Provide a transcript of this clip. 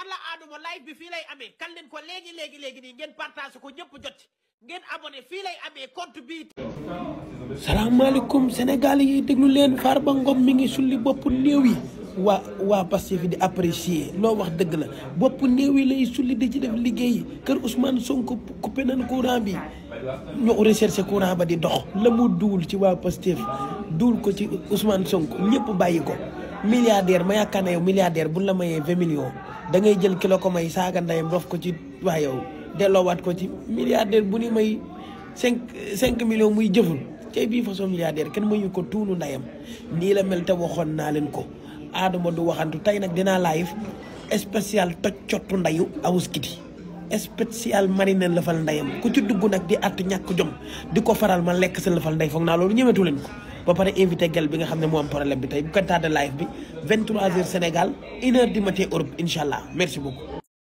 alla aaduma live bi fii lay amee kan leen ko léegi léegi léegi nii ngeen partage ko ñëpp jot ngeen abonné fii lay amee compte bi salaamaaleykum Sénégal yi déglu leen ba Ngom mi ngi sulli bopp néew yi waa waa Pastef di apprécier loo wax dëgg la bopp néew yi lay sulli di ci def liggéey kër Ousmane Sonko coupé nañ courant bi ñu recherche courant ba di dox la mu duul ci waa Pastef duul ko ci Ousmane Sonko ñëpp bàyyi ko milliardaire ma yaakaar na yow milliardaire bu la mayee vingt da ngay jël kilo ko may saaga ndeyam rof ko ci wax yow delloowaat ko ci milliardaire bu ni may cinq cinq millions muy jëful tey bii façon milliardaire kenn mayu ko tuunu ndeyam nii la mel te waxoon naa leen ko Adama du waxantu tey nag dinaa live spécial toj cottu ndeyu awuskiti spécial marine lafal ndeyam ku ci dugg nag di at ñàkk jom di ko faral ma lekk sa lafal ndey foog naa loolu ñëmetu leen ko ba pare invité gel bi nga xam ne moo am problème bi tey bu kanta de live bi 23h Sénégal 1h du matin Europe incha allah merci beaucoup